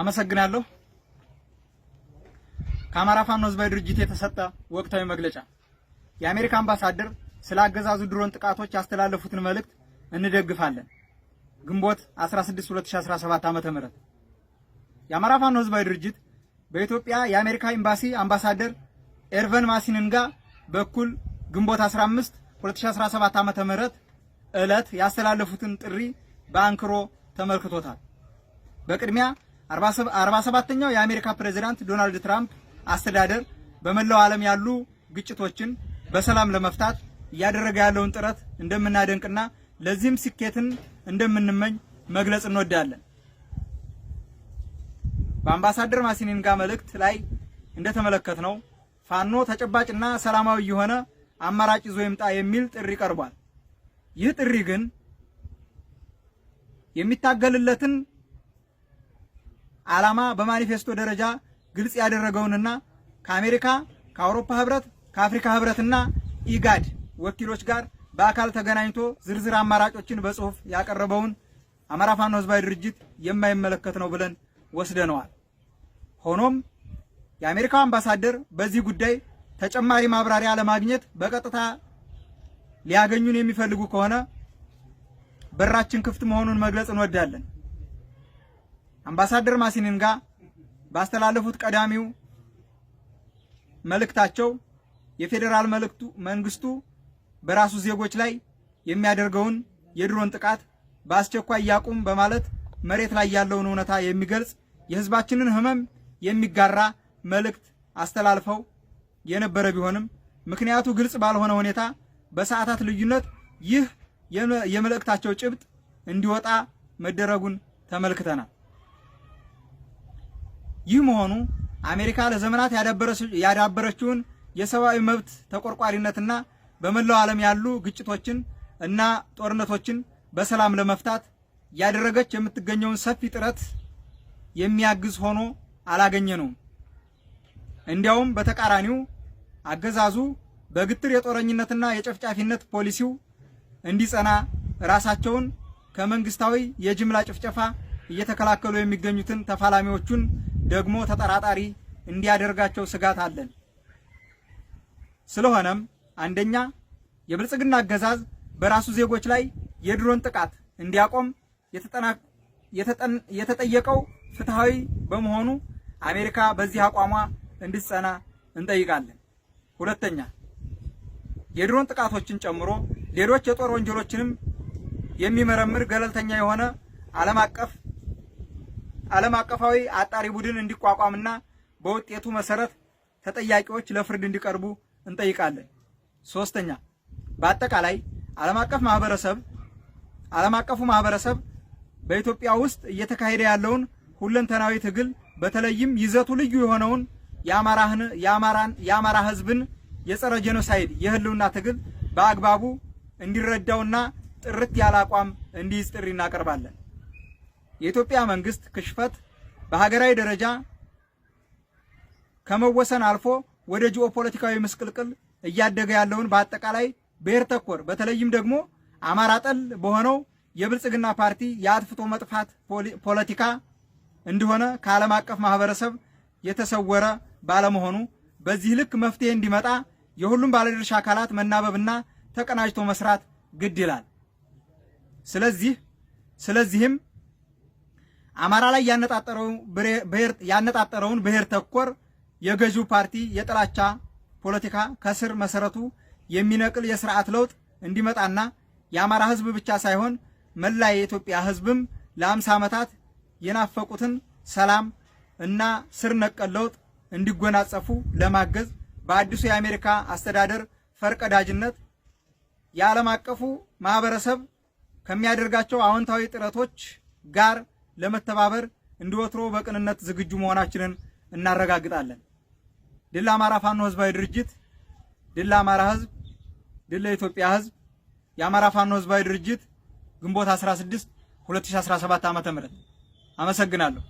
አመሰግናለሁ። ከአማራ ፋኖ ህዝባዊ ድርጅት የተሰጠ ወቅታዊ መግለጫ። የአሜሪካ አምባሳደር ስለ አገዛዙ ድሮን ጥቃቶች ያስተላለፉትን መልእክት እንደግፋለን። ግንቦት 16 2017 ዓ.ም ተመረተ። የአማራ ፋኖ ህዝባዊ ድርጅት በኢትዮጵያ የአሜሪካ ኤምባሲ አምባሳደር ኤርቨን ማሲንጋ በኩል ግንቦት 15 2017 ዓ.ም ተመረተ ዕለት ያስተላለፉትን ጥሪ በአንክሮ ተመልክቶታል። በቅድሚያ 47ኛው የአሜሪካ ፕሬዝዳንት ዶናልድ ትራምፕ አስተዳደር በመላው ዓለም ያሉ ግጭቶችን በሰላም ለመፍታት እያደረገ ያለውን ጥረት እንደምናደንቅና ለዚህም ስኬትን እንደምንመኝ መግለጽ እንወዳለን። በአምባሳደር ማሲኒንጋ መልእክት ላይ እንደተመለከትነው ፋኖ ተጨባጭና ሰላማዊ የሆነ አማራጭ ይዞ ይምጣ የሚል ጥሪ ቀርቧል። ይህ ጥሪ ግን የሚታገልለትን ዓላማ በማኒፌስቶ ደረጃ ግልጽ ያደረገውንና ከአሜሪካ፣ ከአውሮፓ ህብረት፣ ከአፍሪካ ህብረትና ኢጋድ ወኪሎች ጋር በአካል ተገናኝቶ ዝርዝር አማራጮችን በጽሁፍ ያቀረበውን አማራ ፋኖ ህዝባዊ ድርጅት የማይመለከት ነው ብለን ወስደነዋል። ሆኖም የአሜሪካው አምባሳደር በዚህ ጉዳይ ተጨማሪ ማብራሪያ ለማግኘት በቀጥታ ሊያገኙን የሚፈልጉ ከሆነ በራችን ክፍት መሆኑን መግለጽ እንወዳለን። አምባሳደር ማሲንጋ ባስተላለፉት ቀዳሚው መልእክታቸው የፌዴራል መልእክቱ መንግስቱ በራሱ ዜጎች ላይ የሚያደርገውን የድሮን ጥቃት በአስቸኳይ ያቁም በማለት መሬት ላይ ያለውን እውነታ የሚገልጽ የህዝባችንን ህመም የሚጋራ መልእክት አስተላልፈው የነበረ ቢሆንም ምክንያቱ ግልጽ ባልሆነ ሁኔታ በሰዓታት ልዩነት ይህ የመልእክታቸው ጭብጥ እንዲወጣ መደረጉን ተመልክተናል። ይህ መሆኑ አሜሪካ ለዘመናት ያዳበረችውን የሰብአዊ መብት ተቆርቋሪነትና በመላው ዓለም ያሉ ግጭቶችን እና ጦርነቶችን በሰላም ለመፍታት ያደረገች የምትገኘውን ሰፊ ጥረት የሚያግዝ ሆኖ አላገኘ ነው። እንዲያውም በተቃራኒው አገዛዙ በግትር የጦረኝነትና የጨፍጫፊነት ፖሊሲው እንዲጸና ራሳቸውን ከመንግስታዊ የጅምላ ጭፍጨፋ እየተከላከሉ የሚገኙትን ተፋላሚዎቹን ደግሞ ተጠራጣሪ እንዲያደርጋቸው ስጋት አለን። ስለሆነም አንደኛ የብልጽግና አገዛዝ በራሱ ዜጎች ላይ የድሮን ጥቃት እንዲያቆም የተጠየቀው ፍትሐዊ በመሆኑ አሜሪካ በዚህ አቋሟ እንድትጸና እንጠይቃለን። ሁለተኛ የድሮን ጥቃቶችን ጨምሮ ሌሎች የጦር ወንጀሎችንም የሚመረምር ገለልተኛ የሆነ ዓለም አቀፍ ዓለም አቀፋዊ አጣሪ ቡድን እንዲቋቋምና በውጤቱ መሰረት ተጠያቂዎች ለፍርድ እንዲቀርቡ እንጠይቃለን። ሶስተኛ በአጠቃላይ ዓለም አቀፍ ማህበረሰብ ዓለም አቀፉ ማህበረሰብ በኢትዮጵያ ውስጥ እየተካሄደ ያለውን ሁለንተናዊ ትግል በተለይም ይዘቱ ልዩ የሆነውን የአማራ ህዝብን የጸረ ጄኖሳይድ የህልውና ትግል በአግባቡ እንዲረዳውና ጥርት ያለ አቋም እንዲይዝ ጥሪ እናቀርባለን። የኢትዮጵያ መንግስት ክሽፈት በሀገራዊ ደረጃ ከመወሰን አልፎ ወደ ጂኦፖለቲካዊ ፖለቲካዊ ምስቅልቅል እያደገ ያለውን በአጠቃላይ ብሔር ተኮር በተለይም ደግሞ አማራ ጠል በሆነው የብልጽግና ፓርቲ የአጥፍቶ መጥፋት ፖለቲካ እንደሆነ ከዓለም አቀፍ ማህበረሰብ የተሰወረ ባለመሆኑ በዚህ ልክ መፍትሄ እንዲመጣ የሁሉም ባለድርሻ አካላት መናበብና ተቀናጅቶ መስራት ግድ ይላል። ስለዚህ ስለዚህም አማራ ላይ ያነጣጠረውን ብሔር ተኮር የገዢው ፓርቲ የጥላቻ ፖለቲካ ከስር መሰረቱ የሚነቅል የስርዓት ለውጥ እንዲመጣና የአማራ ህዝብ ብቻ ሳይሆን መላ የኢትዮጵያ ህዝብም ለአምሳ ዓመታት የናፈቁትን ሰላም እና ስር ነቀል ለውጥ እንዲጎናጸፉ ለማገዝ በአዲሱ የአሜሪካ አስተዳደር ፈርቀዳጅነት የዓለም አቀፉ ማህበረሰብ ከሚያደርጋቸው አዎንታዊ ጥረቶች ጋር ለመተባበር እንደ በቅንነት ዝግጁ መሆናችንን እናረጋግጣለን። ድል አማራ ፋኖ ህዝባዊ ድርጅት፣ ድል አማራ ህዝብ፣ ድል ለኢትዮጵያ ህዝብ። የአማራ ፋኖ ህዝባዊ ድርጅት ግንቦት 16 2017 ዓ.ም። አመሰግናለሁ።